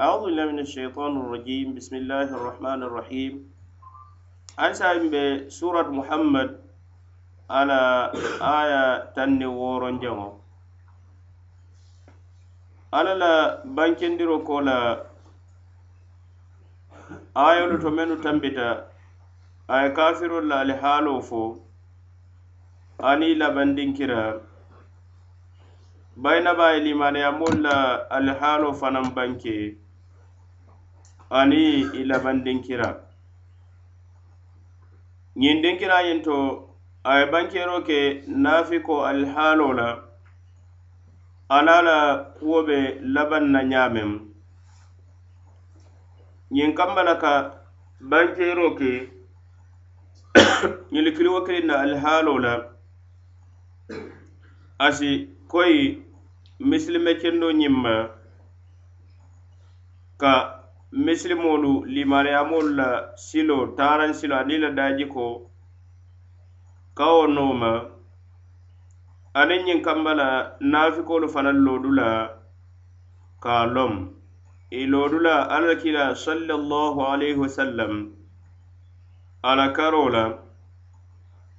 أعوذ بالله من الشيطان الرجيم بسم الله الرحمن الرحيم أن سايم بسورة محمد على آية تني وورن جمو على لا بانكين ديرو كولا آية لتمنو تنبتا آية كافر الله لحالو فو أني لبندين كرا بين بايلي limaneyamolu la لحالو فنم بانكي ani i laban dinkira ñin dinkirañin to a ye bankero ke nafiko alhaalo la ana la kuwo be laban na ñamen ñin kamba la ka bankero ke ñili kiliwo kilin na alhaalo la asi koyi misilime kendo ñin ma ka misilimoolu limariyamoolu la silo taaraŋ silo aniŋ la daaji ko kawo nooma aniŋ ñiŋ kamba la naafikoolu fanaŋ loodu la ka a loŋ ì loodu la alla la kiila sallallahu alayhi wasallam a la karoo la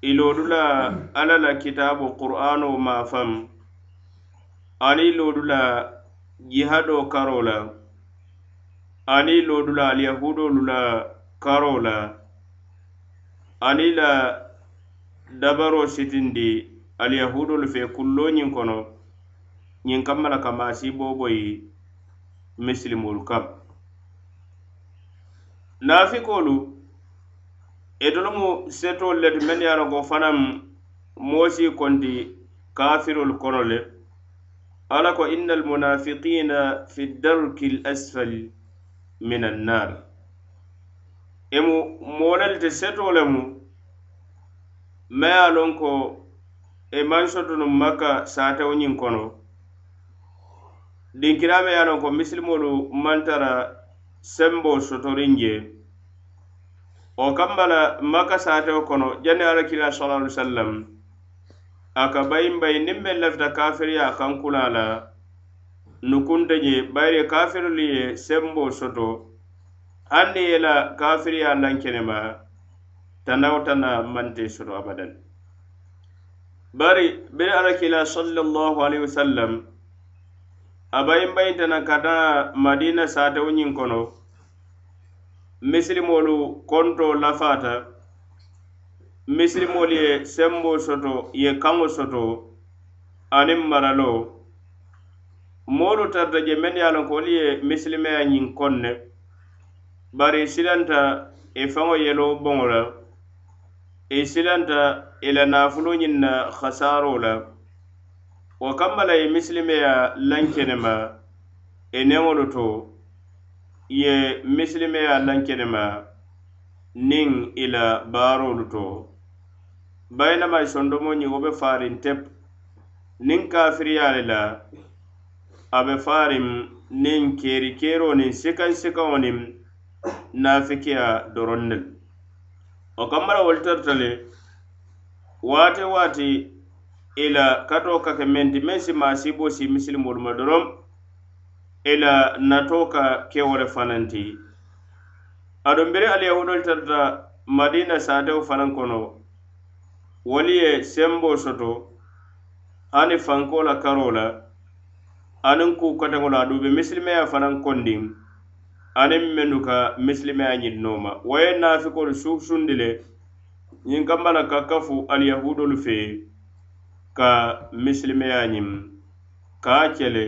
ì loodu la alla la kitaabo qur'aano maafaŋ aniŋ loodu la jihadoo karoo la ani loolu la alyahudolu la karo la ani la dabaro sitindi alyahudolu fe kullo ñin kono ñin kamma la kamasi booboyi misilimolu kam naafikolu itolumu setolu leti men yarago fanaŋ moosi konti kafirolu kono le ala ko innal munafiqina fi darki l asfali minan nar emu molel te setolemu ma ye lon ko e man sotunu makka satewo ñin kono dinkirame ye lon ko misilimolu mantara sembo sotorin je o kambala makka satewo kono janni alakila sallallahu alayhi wa sallam aka bayin bayi nin men lafita kafiriya kan kula la nukunta ñe bayiri kafirolu ye sembo soto hanni yela kafiriya lankenema tanaw tana mante soto abadan bari bene alakila sallallahu alaihi wasallam abayin bayin tana kata madina sata wunyin kono misilimolu konto lafata misilimolu ye sembo soto ye kango soto anin maralo moolu tarta je men ye a lon ko wolu ye misilimeya ñiŋ koŋ ne bari silanta ì faŋo yeloo boŋo la ì silanta ì la naafulu ñiŋ na hasaaroo la wo kamma la ì misilimeya lankenema ì neŋolu to ye misilimeya lankenema niŋ ì la baaroolu to bayinamayi sondomo ñiŋ wo be faariŋ tep niŋ kaafiriyaa le la abe farim nin keri kero nin sikan sika onin nafikiya doronnel o kammara woltartale wate wate ila kato kake menti men si masibo si misilimolu ma e doron ila nato ka kewole fananti aɗon biri alyahudol tarta madina satew fanan kono woli ye sembo soto hani fankola karola la aniŋ kuu kataŋolu aduŋ be misilimeya fanaŋ kondiŋ aniŋ mennu ka misilimeya ñiŋ nooma wo ye naafikolu suusundi le ñiŋ kanba la ka kafu alyahudolu fe ka misilimeya ñiŋ kaa ke le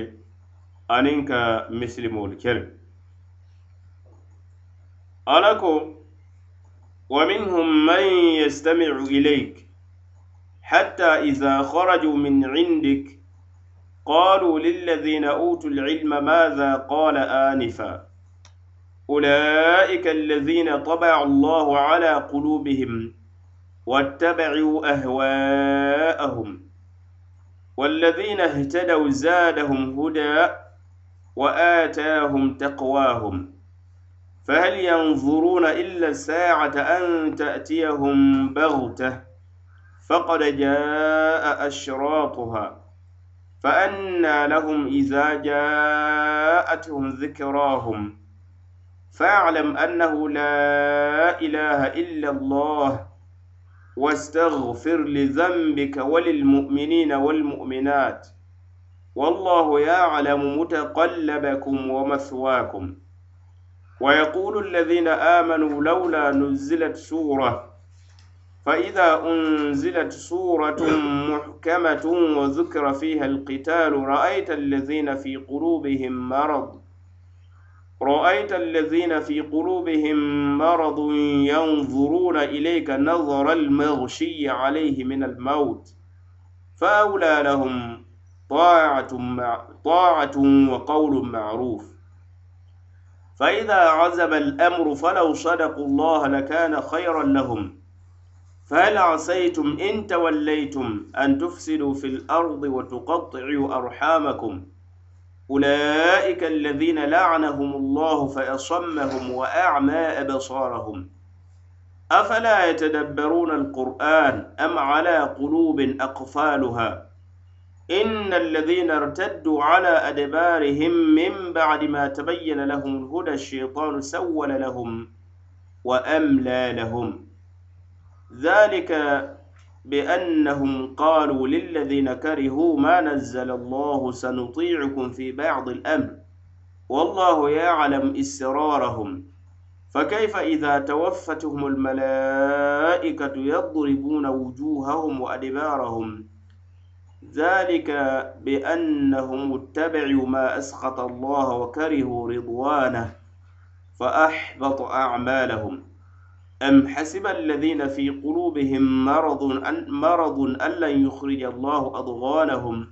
aniŋ ka misilimolu ke le ala ko wa minhum man yastamicu ilayk hatta iza haraju min indika قالوا للذين أوتوا العلم ماذا قال آنفا أولئك الذين طبع الله على قلوبهم واتبعوا أهواءهم والذين اهتدوا زادهم هدى وآتاهم تقواهم فهل ينظرون إلا الساعة أن تأتيهم بغتة فقد جاء أشراطها فأنى لهم إذا جاءتهم ذكراهم فاعلم أنه لا إله إلا الله واستغفر لذنبك وللمؤمنين والمؤمنات والله يعلم متقلبكم ومثواكم ويقول الذين آمنوا لولا نزلت سورة فإذا أنزلت سورة محكمة وذكر فيها القتال رأيت الذين في قلوبهم مرض رأيت الذين في قلوبهم مرض ينظرون إليك نظر المغشي عليه من الموت فأولى لهم طاعة, مع طاعة وقول معروف فإذا عزم الأمر فلو صدقوا الله لكان خيرا لهم فهل عصيتم إن توليتم أن تفسدوا في الأرض وتقطعوا أرحامكم أولئك الذين لعنهم الله فأصمهم وأعمى أبصارهم أفلا يتدبرون القرآن أم على قلوب أقفالها إن الذين ارتدوا على أدبارهم من بعد ما تبين لهم الهدى الشيطان سول لهم وأملى لهم ذلك بأنهم قالوا للذين كرهوا ما نزل الله سنطيعكم في بعض الأمر والله يعلم إسرارهم فكيف إذا توفتهم الملائكة يضربون وجوههم وأدبارهم ذلك بأنهم اتبعوا ما أسخط الله وكرهوا رضوانه فأحبط أعمالهم أم حسب الذين في قلوبهم مرض أن مرض أن لن يخرج الله أضغانهم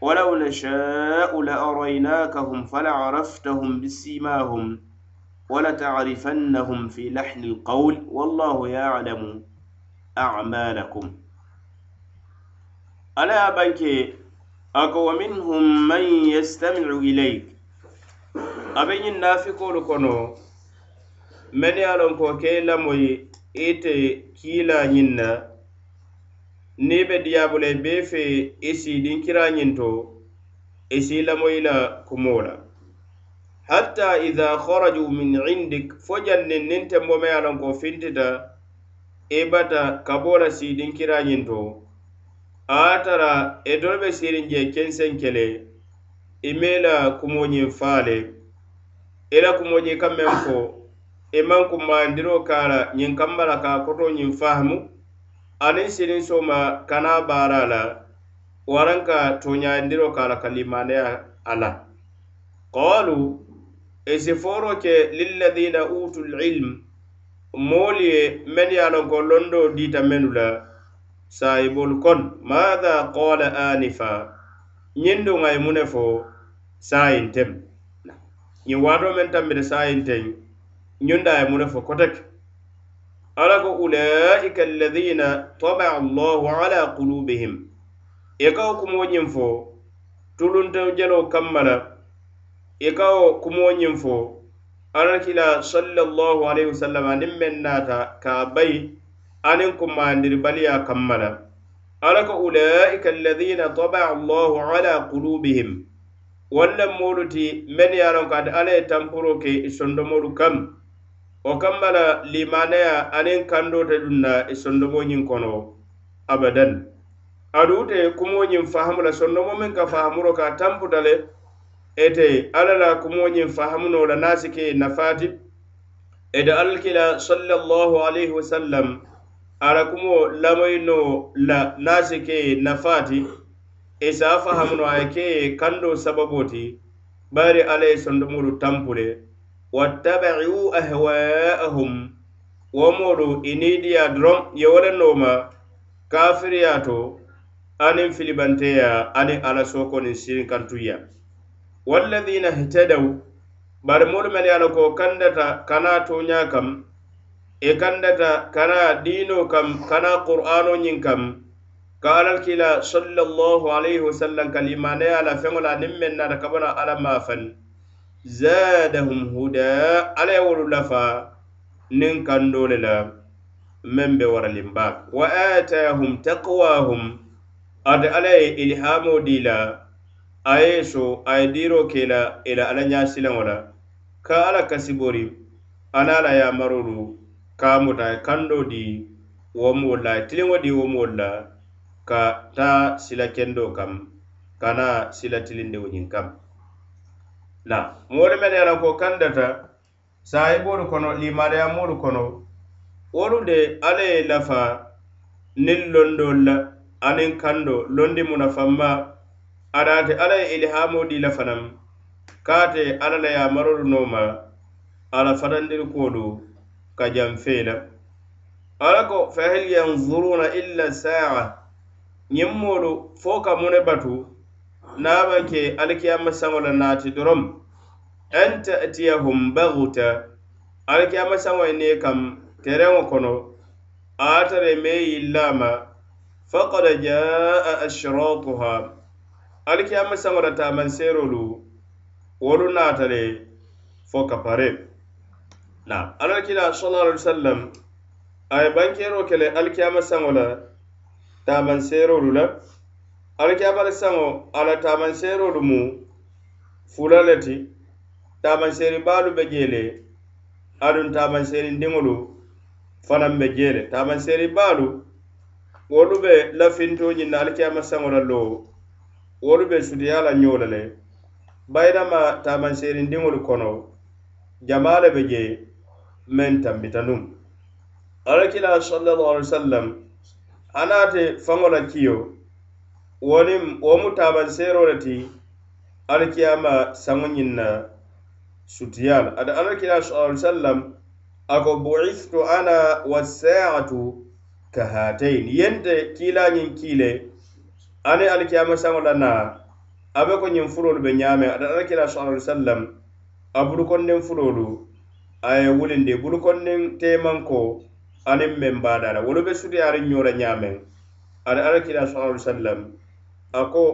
ولو نشاء لأريناكهم فلعرفتهم بسيماهم ولتعرفنهم في لحن القول والله يعلم أعمالكم ألا بنك أقوى منهم من يستمع إليك أبين نافقون كنو men ye a loŋ ko ke lamoyi ite kiila ñiŋ na niŋ be diyaabula i bee fe i siidiŋ kiraa ñiŋ to i si lamoyi la kumo la hatta idha haraju min indik fo janniŋ niŋ tembo ma ye a loŋ ko fintita i e bata ka bo e e la siidiŋ kiraa ñiŋ to a tara itolu be siiriŋ je kenseŋ kele i mee la kumoo ñiŋ faa le i la kumoo ñiŋ ka meŋ fo i maŋ kumbayandiroo ka a la ñiŋ kamba la ka a koto ñiŋ fahamu aniŋ siniŋ sooma kanaa baara la waraŋ ka tooñayandiroo ka a la ka limaneya a la qaalu i si fooro ke lilladiina uutu lilm moolu ye meŋ ye a lonko londoo diita menu la saayibolu kon maada qaala aanifa ñiŋ duŋ a ye mu ne fo saayinteŋ ñiŋ waatoo meŋ tambita saayinteŋ ñonda ye mu ne fo koteke ala ko ulaika alladina tabaa allahu ala qulubihim i e kawo kumo ñiŋ fo tulunta jalo kamma la i e kawo kumo ñiŋ fo ala kila sallallahu alaihi wasallam aniŋ meŋ naata ka bayi aniŋ kumandiri baliya kamma la ala ko ulaika alladina tabaa allahu ala qulubihim wallan moolu ti meŋ ye a loŋ ko ate ala ye tampuro ke i e sondomolu kaŋ o kambala limanaya aniŋ kandote dunna i e sondomoñiŋ kono abadan adu te kumoñiŋ fahamu la sondomo meŋ ka fahamuro ka tambuta le ete alla la kumoñiŋ fahamuno la nasike nafaati ede alla kila sallallahu alayhi wasallam ala kumo lamoyino la nasike nafaati isa e fahamuno aye keye kando sababoti bari alla ye sondomolu tampule wattabaiu ahwaahum womoolu iniidiya dorom yewolennoma kafiriya to aniŋ filibanteya aniŋ alla sookoniŋ sirin kantuya wallahina htadaw bari moolu mene ye la ko kandata kana toña kam e kandata kana diino kam kana qur'ano ñiŋ kam ka alal kila sallallahu alayhi wasallam kal imaneya la feŋo la niŋ mennata kabana alla maafaŋ zadahum huda ala wolu lafa nin kandole la men be waralin ba wa atahum taqwahum ada ala ilhamu dila ayeso ay diro kela ila ala nyasila wala ka ala kasibori ala la ya marulu ka muta kando di wo mola tilingo di wo mola ka ta sila kendo kam kana sila tilinde wonin kam la moolu mene ye la ko kandata saahiboolu kono limaariyamoolu kono wolu de alla ye lafa niŋ londoolu la aniŋ kando londi mu na fanma adaate alla ye ilihaamoo dii la fanaŋ kaate alla la yaamarolu noo ma alla fatandirikuolu ka janfee la alla ko fa hel yanzuruuna illa saa ñiŋ moolu fo ka mune batu naba ke alkiyama sango la naati dorom an ta'tiyahum baghta alkiyama sango ne kam terengo kono atare me yillama faqad jaa ashratuha alkiyama sango la ta man serolu wolu natale fo kapare na alkiyama sallallahu alaihi wasallam ay bankero kele alkiyama sango la ta man serolu la alikiyabali saŋo ala taamanseerolu mu fula le ti taamanseeri baalu be jee le aduŋ taamanseeri ndiŋolu fanaŋ be jee le taamanseeri baalu wolu be lafintoo ñiŋ na alikiyama saŋo la loo wolu be sutiya la ñoo la le bayirama taamanseeri ndiŋolu kono jamaa le be jee meŋ tambita nuŋ alikila sallallahu alihi wa sallam a naate faŋo la kiyo woni wo mu taban seerole ti alkiyama saŋo ñiŋ na sutiyaal ada alkiyama sallallahu alaihi wasallam ako buistu ana wasaatu kahatayn yente kiilañiŋ kiile ani alkiyama saŋo la na abe ko ñiŋ fulolu be ñaame ada alkiyama sallallahu alaihi wasallam a bulukondiŋ fulolu a ye wulindi bulukondiŋ teemanko aniŋ meŋ baada la wolu be sutiyaariŋ ñoo la ñaameŋ ada alkiyama sallallahu alaihi wasallam a ko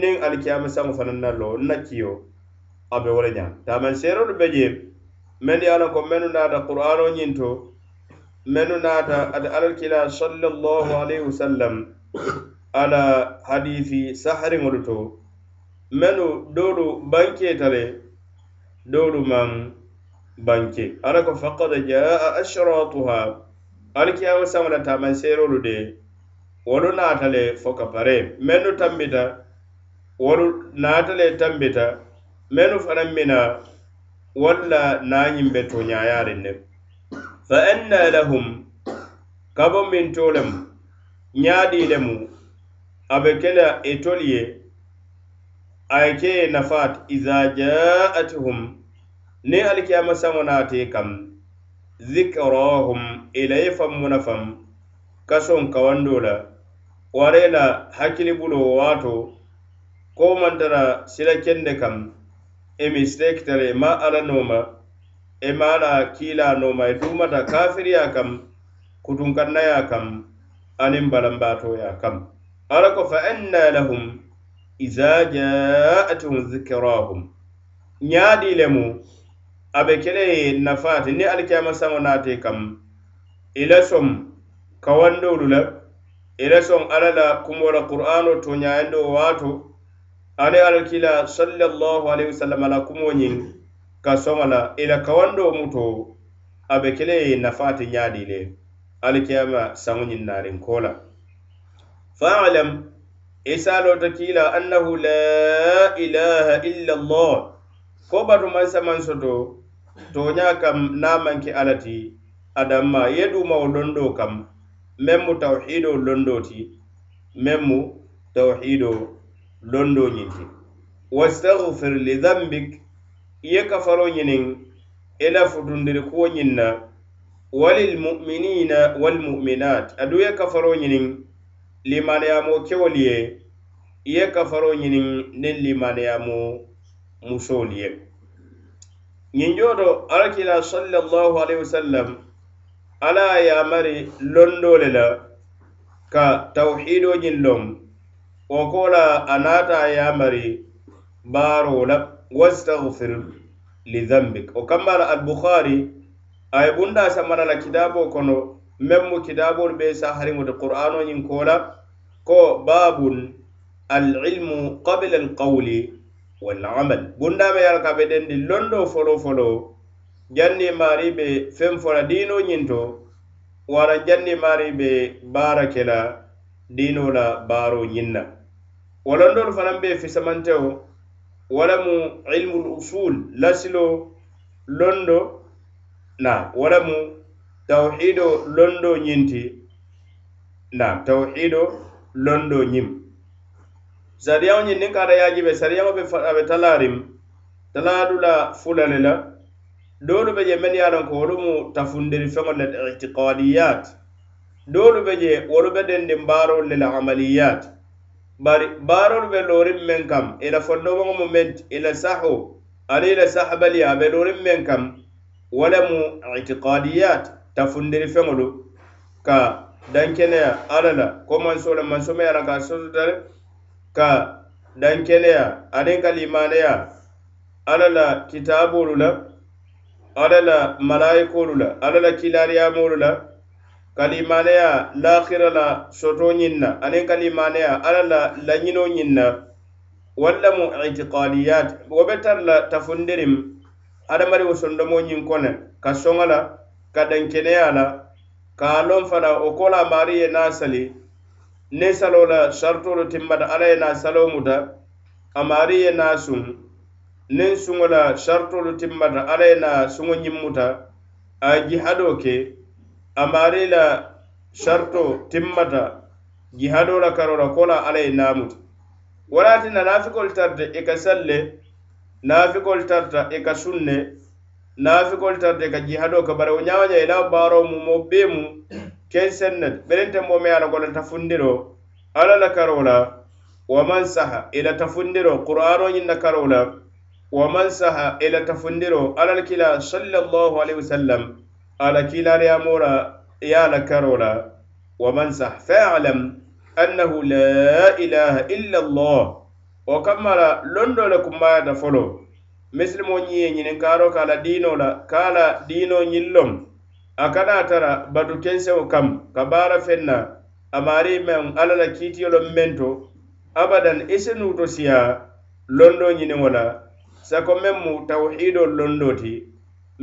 niŋ alikiyama saŋo fanaŋ na loo nna kiyo a be wo le ñaa taamanseerolu be je meŋ ye a loŋ ko mennu naata qur'ano ñinto mennu naata ate alalkila sallallahu alayhi wasallam ala hadisi sahariŋolu to mennu doolu bankeeta le doolu maŋ banke ala ko faqad jaa ashratuha alikiyama saŋo la taamanseerolu de wolu naatale fo ka pare mennu tambita wolu naatale tambita mennu fanaŋ mina wolu la naañiŋ be toñayaariŋ ne fa anna lahum kabo min to lemu ñaadi lemu a be e ke la itolu ye a ye ke ye nafaat iza jaatuhum ni alikiyama saŋo naate kam zikrahum ila ye faŋ mu nafaŋ kasoŋ kawandoo la Ware na hakili buloo waato ko maŋ tara sila kende kam e mistake tara i maŋ ala nooma i e maŋ ala kiilaa e ya kam, duumata kafiriya kaŋ kutunkannaya kaŋ aniŋ balambaatoya ya kam ko fa anna lahum iza jaa'atuhum zikrahum ñaadi lemu Abe kele ye ni alkiyama saŋo naate kam Ila som ila son ala la kumola qur'ano to ñayando waato ani alakila sallallahu alaihi wasallam ala kumo ñin ka soŋala ila kawando muto abe kele nafaati ñaadi le alikiyama saŋo ñin naarin kola faalam isaloto kila annahu la ilaha illa allah ko batu mansa mansoto toña kam namanke alati adamma yeduma wo londo kam meŋ mu tawhido londo ti meŋ mu tawhido londo ñiŋ ti wastahfir lidambik i ye kafaro ñiniŋ i la futundiri kuwo ñiŋ na walilmuminina walmuminat aduŋ ye kafaro ñiniŋ limaneyamo kewolu ye i ye kafaro ñiniŋ niŋ limaneyamo musolu ye ñiŋ joto alakila sallallahu alaihi wasallam ala yamari londole la ka tawhidoñin lon wo kola a nata yamari baro la wastagfir lizambik o kambala albukhari aye bunda samana la kitabo kono meŋ mu kitabolu be saharimote qur'anoñin kola ko babun alilmu qabla alqawli walamal bundama yala ka be dendi londo folo folo janni maari be fen fora diino ñinto wara janni maari be baara kela diino la baaro ñinna walondolu fanaŋ be fisamanteo wala mu ilmul usul lasilo londo na wala mu tawhido londo ñinti na tawhido londo ñim sariyaŋo ñin niŋ kata yaajibe sariyaŋo be talarim talaadu la fula le la doolu be je men ye a lon ko wolu mu tafundiri feŋo le itikadiyat doolu be je wolu be dendin baarolu le la amaliyat bari baarolu be looriŋ meŋ kam i la fondomoŋo mu meŋ i la saho aniŋ i la sahabali a be looriŋ meŋ kam wo le mu itikadiyat tafundiri feŋolu ka dankeneya alla la komanso le manso me ye a lon ka a sosotari ka dankeneya aniŋ ka limaneya alla la kitaabolu la ala la malayikolu la ala la kilariyamolu la kalimaneya lakhira la soto ñiŋ na aniŋ kalimaneya ala la lañino ñiŋ na walla mu itikaliyat wo be tara la tafundirim hadamariŋo sondomo ñiŋ kono ka soŋa la ka dankeneya la ka a loŋ fana wo kola maari ye naŋ sali niŋ salo la sartolu timmata ala ye naŋ salo muta a maari ye naŋ sum nin suŋo la sartolu timmata alla ye na suŋo ñimmuta a jihado ke amari la sarto timmata jihado la karo la ko la alla ye naamuti walaati na naafikolu tarta i ka salle naafikolu tarta i ka sunne naafikolu tarta i ka jihado ke bari wo ñawoña ila baaro mu mo bee mu ken senne berente mo me a la golla tafundiro alla la karo la wa man saha ila tafundiro qur'ano ñinna karo la waman saha ela tafundiro alal kila sallallahu alaihi wasallam ala kila riyamora ya la karola waman sah fa'alam annahu la ilaha illa allah wa kamala londo la kumaya da folo mislimo nyiye nyine karo kala dino la kala dino nyillom akana tara badu kense kam kabara fenna amari men alala kiti yolo mento abadan isenu to siya londo nyine wala sako meŋ mu tawhido londo ti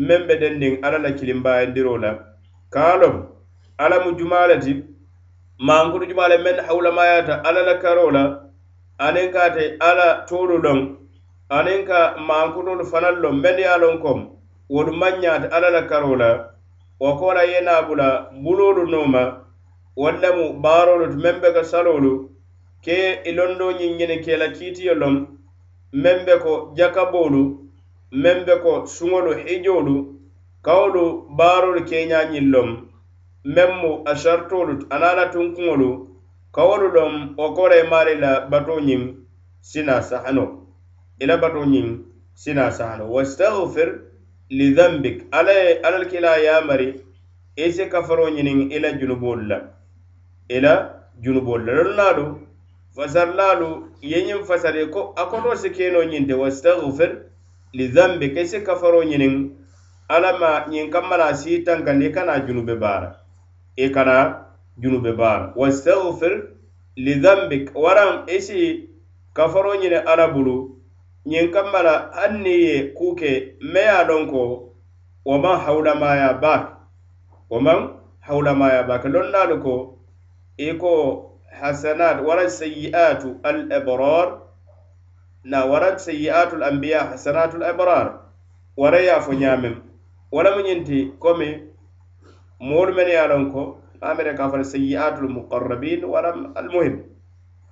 meŋ be dendiŋ alla la kilimbayindiro la kaalom alla mu juma le ti mankutu juma le meŋ hawulamayata alla la karo la aniŋ kate alla toolu loŋ aniŋ ka mankutolu fanaŋ loŋ meŋ ye a loŋ kom wolu maŋ ñaate alla la karo la wo kola ye naabula buloolu nooma walla mu baarolu ti meŋ be ka saloolu ke i e londo ñiŋ ñiŋ ke la kiitiyo loŋ meŋ be ko jakaboolu meŋ be ko suŋolu hijoolu kawolu baarolu keeñañiŋ loŋ meŋ mu asartoolu anaŋ la tunkuŋolu kawolu loŋ wo kore maari la batoo ñiŋ sina sahano i la batoo ñiŋ sina sahano wastahfir li zambik alla ye alla le kila yaamari i si kafaroo ñiniŋ i la junuboolu la i la junuboolu la lonnaalu fasarlaalu yeñiŋ fasare ko a koto si keno ñinte wastahfir lizambi ke si kafaro ñiniŋ alama ñiŋ kamma la sii tankandi i kana junube baara i e kana junube baara wastahfir lizambi waraŋ i si kafaro ñini ala bulu ñiŋ kamma la haŋ ni ye kuke me ye loŋ ko wo maŋ hawulamaya baake wo maŋ hawulamaya baake loŋ naalu ko i ko hasanat warat sayiatu al ibrar na warat sayiatu al anbiya hasanatu al ibrar wara ya fo nyamem wala munyinti komi mul men ya lon ko amere ka fal sayiatu al muqarrabin wala al muhim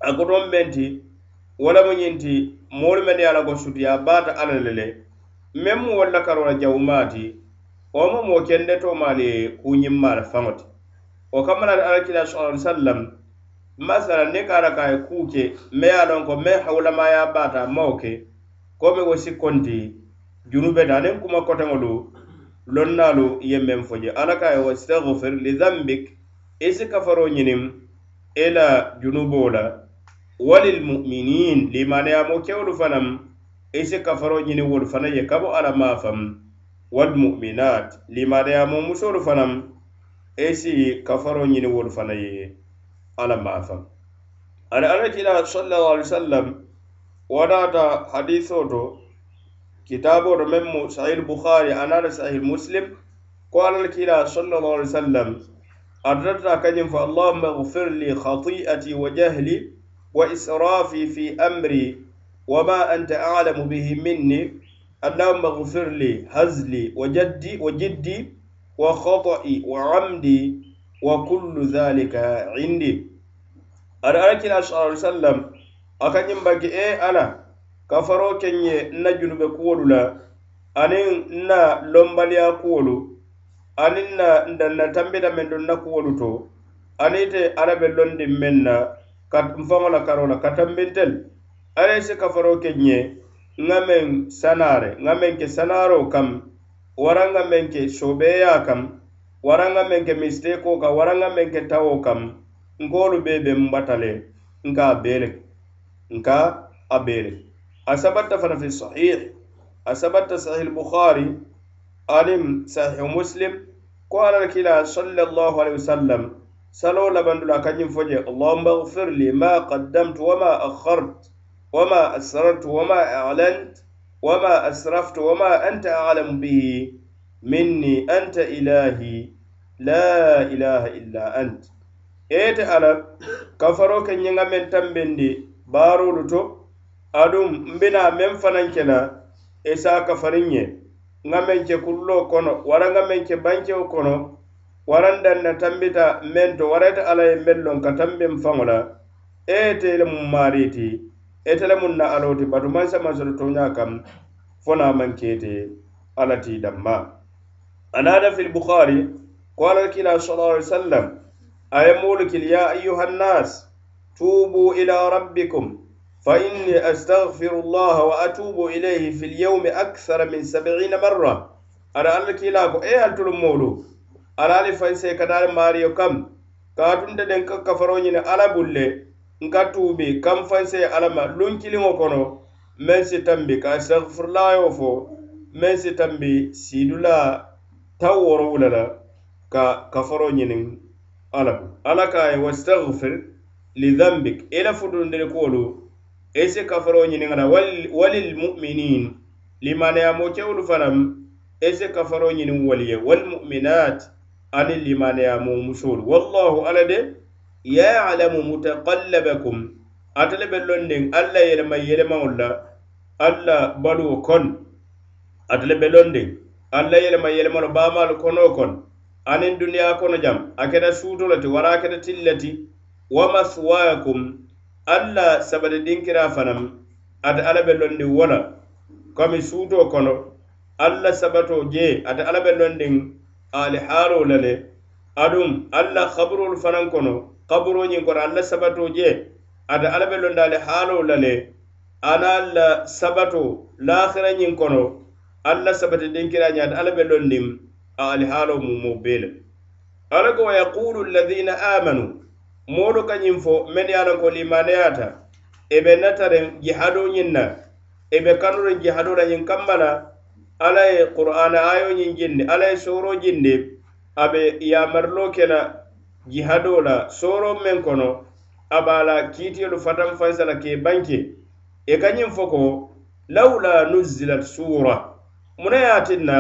akodom menti wala munyinti mul men ya lon ko sutiya bata alalele mem wala karola jawmati o mo mo kende to mali kunyimmar fangoti o kamana al alaihi sallam masala ni kara ka ye kuu ke me ye a lon ko me hawulamaya baata mao ke komi wo sikkonti junube ta aniŋ kuma kotoŋolu lonnaalu ye meŋ fo je alla ka ye wastagfir lizambik i e si kafaro ñiniŋ i e la junubo la walilmuminin limaneyamo kewolu fanaŋ i e si kafaro ñiniŋ wolu fana je kabo alla maa faŋ walmuminat limaneyamo musolu fanaŋ i si kafaro ñiniŋ wolu fana ye ala maafa ani alakila sallallahu alaihi wasallam wonata hadiso to kitabo to meŋ mu sahil bukhari anata sahil muslim ko alalakila sallallahu alaihi wasallam atatata kañiŋ fo allahuma gfir li khati'ati wa jahli wa israfi fi amri wama anta alamu bihi minni اللهم اغفر لي هزلي وجدي وجدي وخطئي وعمدي وكل ذلك عندي ada alakila sal sallam a ka ñimbake e ala ka faro kenye nna junube kuwolu la aniŋ nna lombaliya kuwolu aniŋ na ndanna tambita men do nna kuwolu to anite ala be londin men na nfaŋo la karo la ka tambintel ala si ka faro kenye nŋa meŋ sanare nŋa meŋ ke sanaro kam wara nŋa meŋ ke sobeya kam wara nŋa meŋ ke misiteko ka wara nŋa meŋ ke tawo kam ngolu be be mbatale le nka a bee le nka a bee le fana fi sahih asabata sahih bukhari alim sahih muslim qala ala kila sallallahu alaihi wasallam salo labandula kanyim foje fo je li ma qaddamtu wa ma akhart wa ma asrartu wa ma alant wa ma asraftu wa ma anta a'lam bihi minni anta ilahi la ilaha illa anta ete alal kafaro ke ñiŋamen tambindi baarulu to aduŋ mbina meŋ fanaŋ kena isa kafariŋ ye ŋa meŋ ke kullo kono wara ŋa meŋ ke bankewo kono waraŋ daŋ na tambita meŋ to wara ite ala ye meŋ loŋ ka tambiŋ faŋo la ete le mu maari ti ite le muŋ na alo ti batu maŋ sama soto toña kaŋ fo na maŋ keete ala ti danma anaata fil bukhari ko alal kila sallallahu alaihi wa sallam aye mulkil ya ayuha nnas tubu ila rabbikum fa inni astagfiru llah wa atubu ilayhi fi lyawmi akthara min sabiina marra ara allah kila ko e altulu mulu araali fayse kadaari maariyo kam kaatunde den ka kafaroñine alabulle nka tuubi kam fayse alama lunkiliŋo kono men si tambi ka astagfirulayo fo men si tambi siidula taw woro wulala ka kafaroñinin ala ko ala ka ay e wastaghfir li dhanbik ila e fudun de ko lu e se ka faro nyi ngala walil mu'minin liman ya mo ce ulu faram e se ka faro nyi ni waliye wal mu'minat ani liman ya mo musul wallahu ala de ya'lamu mutaqallabakum atale be londen alla yele may yele mawla alla balu kon atale be londen alla yele may yele mawla ba mal kono kon, kon. anin duniya kono jam a kete suuto le ti wara a kete til le ti wa mathwayakum alla sabati dinkira fanam ate ala be londi wo la komi suuto kono alla sabato jee ate ala be londin alihaaro la le adum alla kaburol fanan kono kaburoñin kono alla sabato jee ate ala be londi alihaaro la le ana alla sabato laahira ñin kono alla sabati dinkira ñi ate ala be londin ali halo mu mo bele ala ko yaqulu alladhina amanu modo kanyim fo men yana ko limaniyata e be natare jihadu nyinna e be kanure jihadu ra yin kambala ala e qur'ana ayo nyin jinni ala e soro jinni abe ya marlo kena jihadu la soro men kono abala kiti lu fatam faisala ke banke e kanyim fo ko laula nuzilat sura munayatinna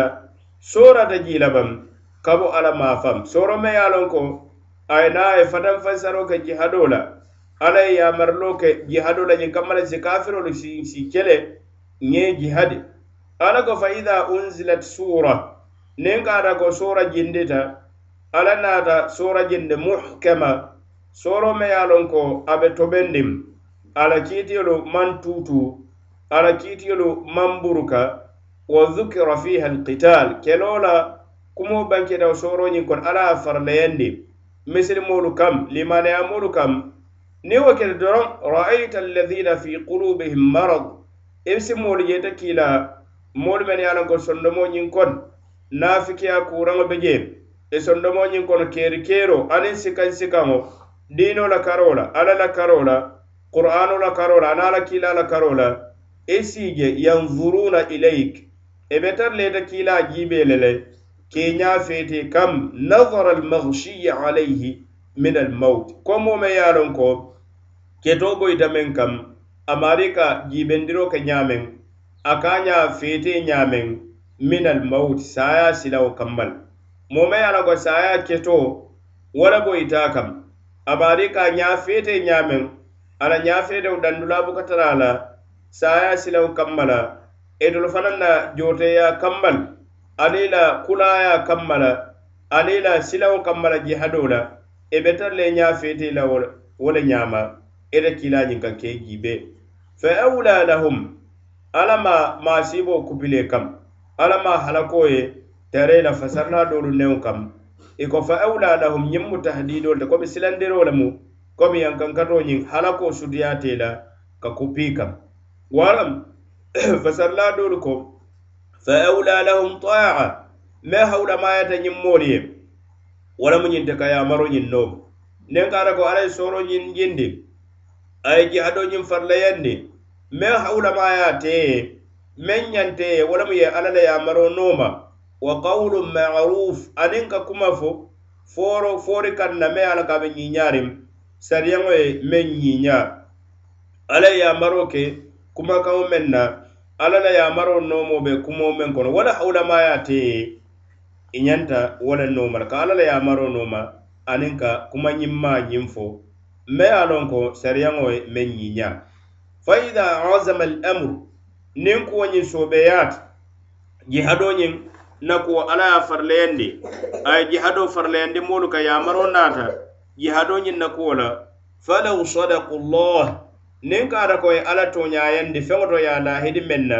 sorata jilamam kabo ala mafam soroma ye lon ko ayna ye fatan fansaro ke jihado la ala ye yamarlo ke jihado la ñiŋ kamma la si kafirolu si kele ñe jihadi ala ko fa ida unzilat sura niŋ kata ko sora jindita ala nata sora jinde muhkema soroma ye lon ko abe tobendim ala kiitiyolu maŋ tutu ala kiitiyolu maŋ buruka wa dhukira fiha alqital kelola kumo banke da soro nyi kon ala farla yandi misli mulu kam limana ya mulu kam ni wa kel doron ra'ayta alladhina fi qulubihim marad ibsi mulu yeta kila mulu men yana go sondomo nyi kon nafiki ya kura ngobe je e sondomo nyi kon keri kero anin sikan sikamo dino la karola ala la karola qur'anu la karola ana la kila la karola esije yanzuruna ilayka e be tar leta kiila jiibe le le keña fete kam nahara almahshiyi alayhi min almaut ko mome ya lon ko keto goyta men kam amari ka jibendiro ke ñamen a kaña fete ñamen min almaut saya silawo kambal mome ya lon ko saya keto wala goyta kam amari ka ña fete ñamen ala ña fete dandula bukatarala saya silawo kambala edol fanaŋ na jooteya kambal aniŋ na kulaya kambala aniŋ na silaŋo kambala jihadoo la e be tara le ñaa feete la wo le ñaama ite e kiilaa ñiŋ ka kee jiibee fa awula lahum alla ma maasiiboo kupile kam alla ma halakoo ye tere la fasarnaa doolu neŋo kam i e ko fa awula lahum ñiŋ mu tahadiidoo le ta komi silandiroo lemu komi yankankatoo ñiŋ halakoo sutuyaa te la ka kupii kam waraŋ fasarladolu ko fa aula lahum taa me hawlamayata ñin moolu ye wala mu ñinte ka yamaro ñin noomu nen kata ko alaye soro ñin jindi aye jihado ñin farlayandi me hawlamayateye men ñanteye wala mu ye ala la yamaro nooma wa qawlu maruf anin ka kuma fo foro fori kanna me ala kabe ñiñarim sariyaŋo ye men ñiña alaye yamaro ke kumakaŋo men na alla la yamaro nomo be kumo men kono wala hawla ma ya ñanta inyanta wala nooma ka alla la yamaro noma aniŋ ka kuma nyimma nyimfo fo me alon ko sariyaŋo ye meŋ ñiñaa fa ida azama al amru nin kuwo ñiŋ soobeeyaata jihadoo ñiŋ na kuwo alla ye a farlayandi a ye jihadoo farlayandi moolu ka yamaro naata jihado nyin na ko la falaw sadaku niŋ ka ata ko ye alla tooñayandi feŋo to ye a lahidi meŋ na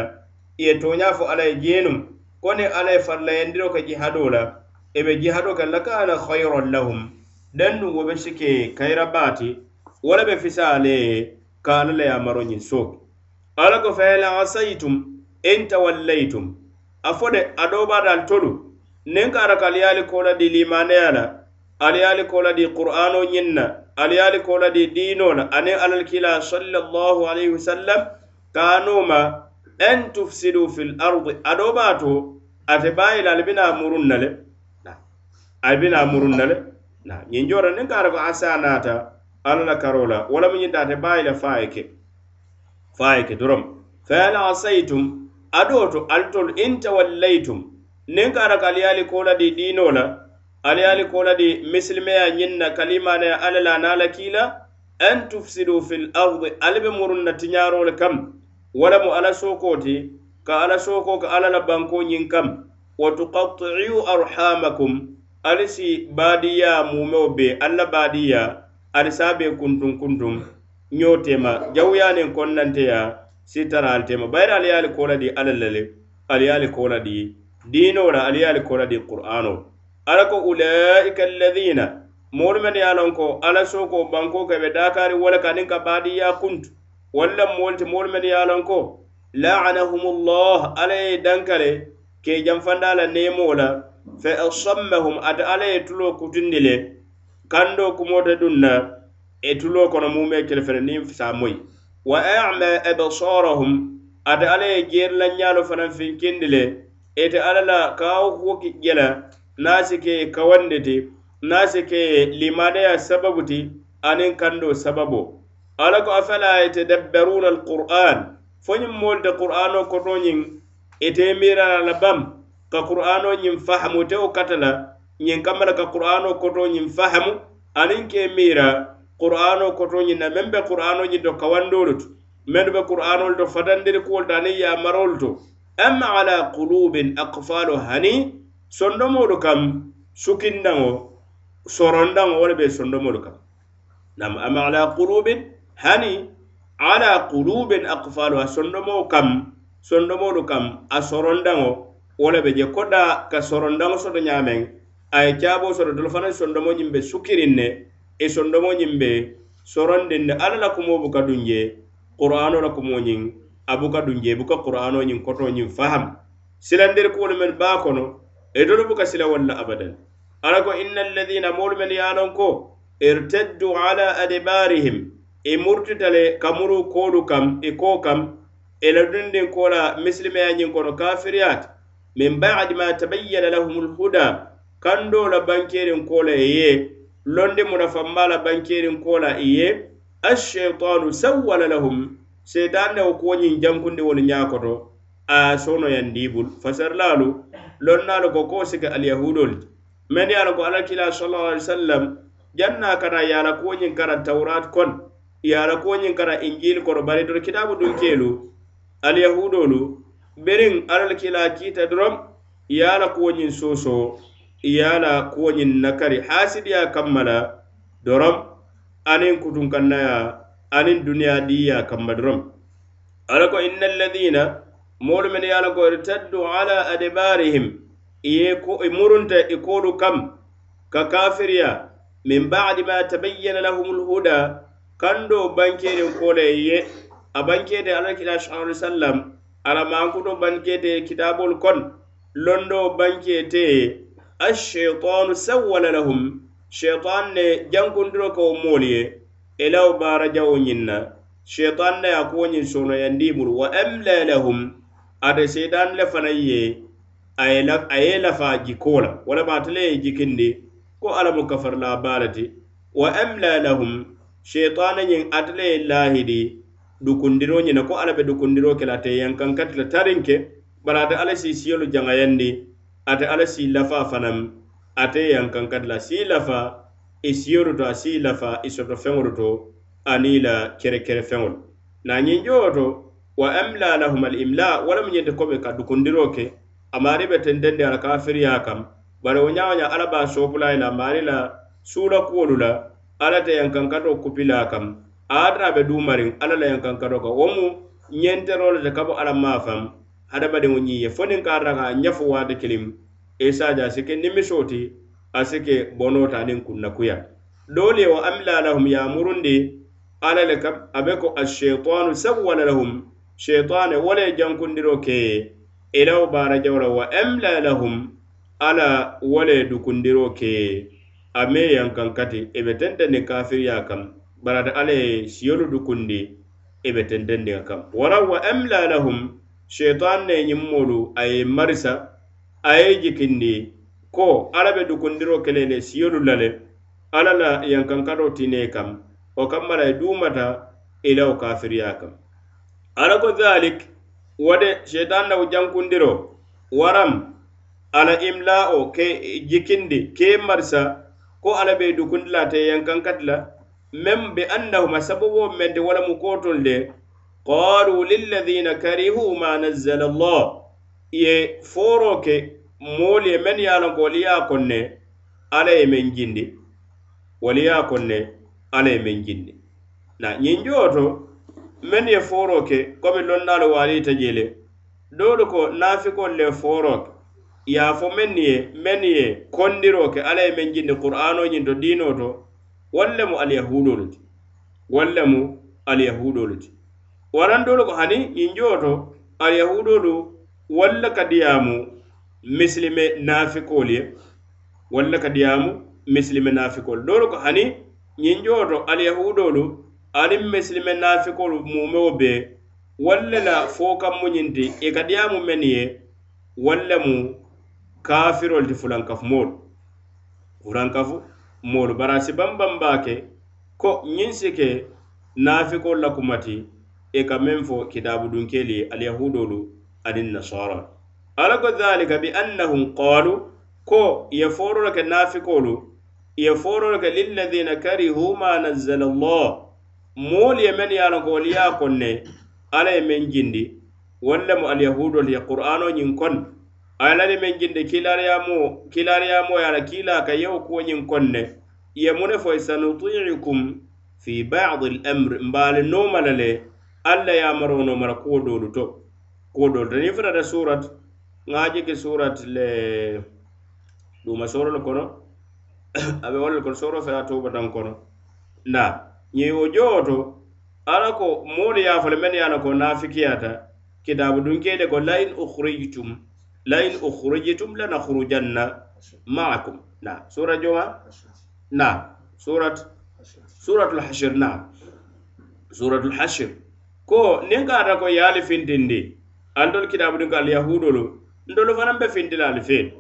i ye tooña fo alla ye jeenum ko niŋ alla ye farlayandiro ke jihadoo la i e be jihadoo ke lakana hayron lahum dandu wo be sike kayira baati wo be fisa ale ye ka alla le yamaro ñiŋ sooki alla ko fahel asaytum in tawallaytum a fo de a tolu niŋ ka ko ali ye ali koola di limaneya la ali ye ali koola di qur'ano ñiŋ na ali ye ali kola di diino la aniŋ alal kila sallallahu alayhi wasallam kaanuma en tufsidu fi l ardi adobaato ate bayila ali bina murun na le ali bina murun na le ñiŋ joota niŋ kaata ko asa naata alla la karo la wala mu ñinta ate bayila faye ke faye ke doroŋ fayal asaytum adooto ali tolu in tawallaytum niŋ kaata ko ali ye ali kola di diino la ali ali kola di misilimeya ñinna kalimanaya alla la na la kiila an tufsidu fil ardi ali be murun na tiñarole kam wala mu ala soko ti ka ala soko ka alla la banko ñin kam wa tukattiu arhamakum ali si baadiya mumeo be alla baadiya ali sabe kuntum kuntum ñotema jawuyanin konnanteya sitaraltema bayira aliyali kola di alla lale aliyali kola di dinora aliyali kola di qur'anora ala ko ulaika alladhina moolu men ye lon ko ala sooko banko kebe dakari wala kanin ka baadiya kuntu walla moolu ti moolu men ye lon ko la'anahum llah ala ye dankale ke janfanda la nemo la fa asammahum ata ala ye tulo kutindi le kando kumota dunna e tulo kono mume kelfene nin sa moyi wa a'ma absarahum ata ala ye jeerila ñalo fanan finkindi le ete ala la kawo hoki jela nasike kawande ti nasike limaneya sababu ti anin kando sababo ala ko afala yatadabbaruna alquran foñim molde qur'ano koto ñin ite miranala bam ka qur'ano ñin fahamu te o katala ñin kamala ka qur'ano koto ñin fahamu anin ke mira qur'ano koto ñin na men be qur'ano ñin to kawandolu to men be qur'anolu to fatandiri kuwol to anin yamarolu to am ala qulubin aqfalu hani sondomolu kam sukindaŋo sorondaŋo wo le be sondomolu kam nam am ala kulubin hani ala kulubin akfaluha sondomo kam sondomolu kam a sorondaŋo wo le be je koda ka sorondaŋo soto ñameŋ a ye caabo soto dolu fanaŋ sondomo ñiŋ be sukirin ne i e sondomo ñiŋ be sorondin ne alla la kumo buka duŋ je qur'ano la kumo ñiŋ a buka duŋ je buka qur'ano ñiŋ koto ñiŋ faham silandiri kuolu meŋ baa kono edolu buka sila wonna abadan ala ko inna alladhina mulu men yanon ko irtaddu ala adbarihim e murtitale kamuru kolu kam e ko kam ela dundin kola misilimeyañin kono kafiriyat min badi ma tabayyana lahum lhuda kando la bankerin kola e ye londi munafammala bankerin kola e ye asheitanu sawwala lahum seitan ne wo kuwoñin jankundi wolu ñakoto a sonoyandibul fasarlalu lonnalu ko ko sika alyahudol men ye ala ko alakila sallallahu alaihi wasallam janna kana yala ko nyin kara tawrat kon yala ko nyin kara injil ko bari do kitabu dun kelu alyahudolu berin alal kila kita drom yala ko nyin soso yala ko nyin nakari ya kammala drom anin kutun ya anin duniya diya kamma dorom ala ko innal ladina moolu men ye a la ko irtaddu ala adibarihim iye murunta i e koolu kam ka kafiriya min badi ma tabayyana lahumul huda kando bankeni kole ye a bankete ala kila sallallahu alaihi wasallam ala mankuto bankete kitabul kon londo bankete ash-shaytan sawwala lahum shaytan ne jankundiro ko moliye elaw bara jawo nyinna shaytan ne akoni sono yandibul wa amla lahum ate seedan le fanaŋ ye a ye lafa jikoo la walama ate le ye jikindi ko alla mu kafarla baa le ti wa amla lahum sheitana ñiŋ ate le ye lahidi dukundiro ñina ko alla be dukundiro ke la ate yankankati la tariŋ ke bari ate alla si siyolu jaŋayandi ate alla si lafa fanaŋ ate yankankati la si lafa i siyolu to a si lafa i soto feŋolu to aniŋ i la kerekere feŋolu naŋ ñiŋ jowo to wa amla lahum al imla wala min yende kobe kadukundiro ke amari be tendende al kafiri yakam bare wonya wonya ala ba sobula ila mari la sura kuulula ala te yankan kato kupila kam adra be dumarin ala la yankan kato ka womu nyente rolo de kabo ala mafam hada bade wonyi ye fonin ka raga nyafu wade kelim isa e ja sike nimisoti asike bonota nin kunna kuya dole wa amla lahum ya murundi ala le kab abeko ash-shaytanu sabwala lahum sheitane wala jankundiro keye ilaw bara jawra wa amla lahum ala wala dukundiro keye ame yankan kati ebe tendeni kafiriya kam barata ala siyolu dukundi ebe tendeni kam wara wa amla lahum sheitane ne nyimmolu ay marisa ay jikindi ko ala be dukundiro kelele siyolu lale ala la yankan kado tine kam o kamala dumata ilaw kafiriya kam ala ko zalik wade shaitan na wujan kundiro waram ala imlao ke jikindi ke marsa ko ala be dukundila te yankan katla mem be annahu masabubo mende wala mukotun le qalu lilladhina karihu ma nazzala allah ye foro ke moli men yala ko liya konne ala e men jindi waliya konne ala e men jindi na nyinjoto men ye foro ke komi lonnaalu waliita jele doolu ko naafikol le foro ke yaafo men ye men ye kondiro ke alla ye men jindi qur'anoñin to diino to wallemu alyahudolu ti wallemu alyahudolu ti waran doolu ko hani ñinjo to alyahudolu walla ka diyaamu misilime naafikol ye walla ka diyaamu misilime naafikol doolu ko hani ñinjo to alyahudolu aniŋ misilime naafikolu mumeo be walle la fookanmu ñinti i ka diyaamu meni ye walle mu kafirolu ti fulankafu moolu fulankafu moolu bari asi banban baa ke ko ñiŋ si ke naafikolu la kumati i ka meŋ fo kitaabu dunkeelu ye alyahudolu aniŋ nasaaralu ala ko dhalika bi annahum qaalu ko ye foorolo ke naafikolu ye foorolo ke lilladina karihu ma nazzala allah moolu ye mennu ye a loŋ ko wolu ye a konne alla ye meŋ jindi wolu lemu alyahudolu ye qur'ano ñiŋ konne a ye la le meŋ jindi kiilaariyamoo kiilaariyamoo ye a la kiilaa ka yewo kuwo ñiŋ konne ye mu ne fo sanutiikum fi badi l amri mbaali nooma la le alla ye a maroo noomala kuwo doolu to kuwo doolu to niŋ fanata surat ŋa jiki surat le duuma soorolu kono a be wolu le kono sooro fela tuubataŋ kono naa ñeiwo jooto ala ko moolu ye a fole men ye ala ko naafikiyata kitaabu dunkeyde ko la in ukhrijtum la in ukhrijtum lanakhrujanna maakum na sura joma na surat suratul hashir na suratul hashir ko nin kaata ko yaali fintindi antol kitaabu dunke al yahudolu ndolu fanan be fintila al feen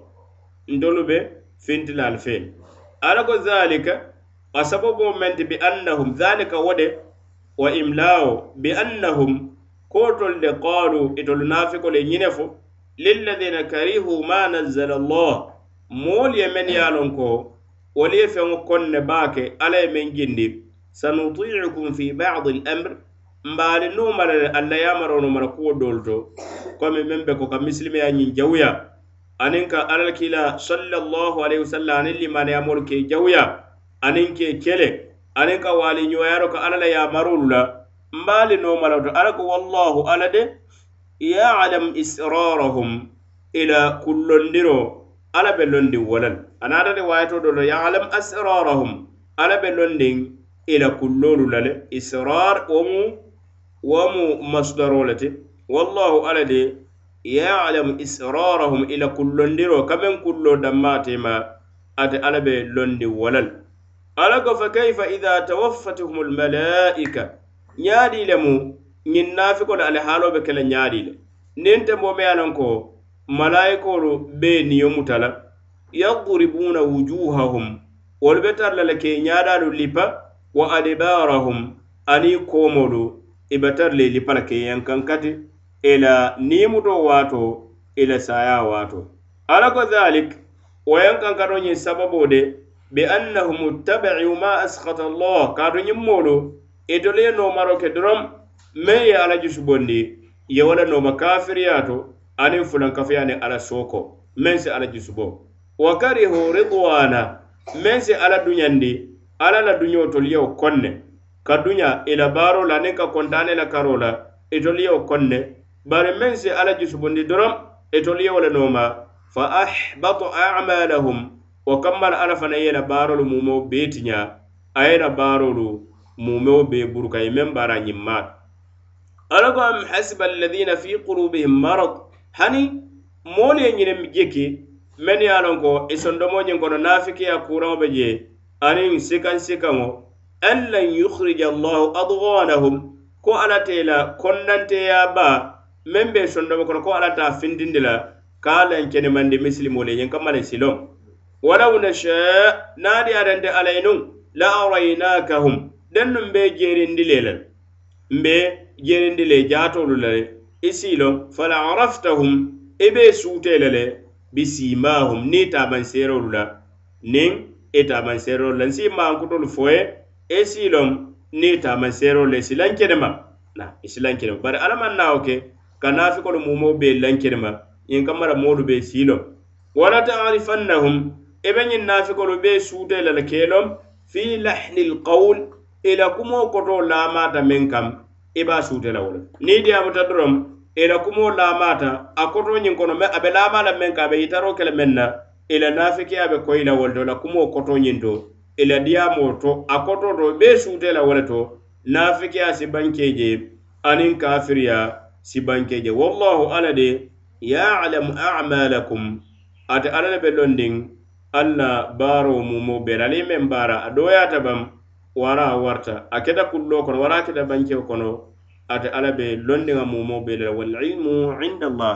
ndolu be fintila al feen ala ko zalika a sababo ment bi annahum dhalika wode wa imlao bi annahum kootol le qaalu itolu naafikole ñine fo lilladina karihu ma nazala allah moolu ye men ye lon ko wolu ye feŋo konne baake alla ye men jindi sanutiicukum fi badi lamre mbaali numalale alla yamarono mala kuwo doolu to komi meŋ be ko ka misilimeya ñiŋ jawuya aniŋ ka alla kiila sallallahu alayhi wa sallam aniŋ limaneyamoolu ke jawuya aniŋ kee kele aniŋ ka waali ñoyaro ka alla la yamarolu la mbaali nomalawto alla ko wallahu alla de yalam israrahum ila kullondiro alla be londi wolal anaata de wayato do lo yalam asrarahum alla be londin ila kullolu la le israr womu womu masdaro le ti wallahu alla de yalam israrahum ila kullondiro kamen kullo dammatima ate alla be londi wolal ala ko fa kayfa idha tawaffatuhum al malaika nyaadi le mu nyin nafi ko ala halo be kala nyaadi le nin tambo me anan ko malaiko ru be niyo mutala yadribuna wujuhahum wal betar la ke nyaada lu lipa wa adbarahum ani komolu ibatar le lipa ke yankankati ila nimuto wato ila saya wato ala ko dhalik wayankankato nyin sababode biannahum ittabau ma askata allah kaatu ñimmoolu itolu ye noomaro ke dorom meŋ ye alla jusubondi ye wo la nooma kafiriyaato aniŋ fulankafuyaani alla soo ko meŋ si alla jusubo wa karihu ridwana meŋ si alla duñandi alla la duñoo tolu yewo konne ka duña i la baaro la aniŋ ka kontaane la karo la itolu yewo konne bari meŋ si alla jusubondi dorom itolu ye wo la nooma fa ahbatu amalahum wo kambala alla fana yela baarolu mumo be tiya a yela baarolu mumo be buruka ye meŋ bara ñimmaato alla ko am hasiba alladina fi qulubihim marad hani moolu ye ñine jeke meŋ ye a lon ko isondomoñiŋ kono naafikiya kuraŋo be je aniŋ sikaŋ sikaŋo an lan yukhrija allahu adwanahum ko alla tela konnanteya ba meŋ be sondomo kono ko alla ta findindi la ka lan kenemandi misilimoolu ye ñiŋ kambala silon walaw nasha naadi arende alaynun la araynakahum dennum be jerindi lelal mbe jerindi le jatolu lale isilo fala araftahum ebe suute lale bi simahum ni taban serolu la nin e taban serolu la si mankutolu foye esilo ni taban serolu la isilankede ma na isilankede ma bari alaman nawo ke kanafikolu mumo be lankede ma yin kamara molu be silo wala ta'rifannahum ebe ñiŋ nafikolu be suute i lala kelom fi lahnil qawul i la kumo koto lamata meŋ kam i be suute la wolo ni diyamuta dorom i la kumo lamata a koto ñiŋ kono me a be lamala meŋ ka a be yitaro kele meŋ na i la nafikiya be koyi la wolu to la kumo koto ñiŋ to i la diyamo to a koto to be suute la wole to nafikiya si banke je aniŋ kafiriya si banke je wallahu ala de yalamu amalakum ate ala le be londiŋ alla baaro mu mo bela ali men baara a doyata bam wara warta a keta kullo kono wara keta bankeo kono ate ala be londiŋa mumo bela walilmu indallah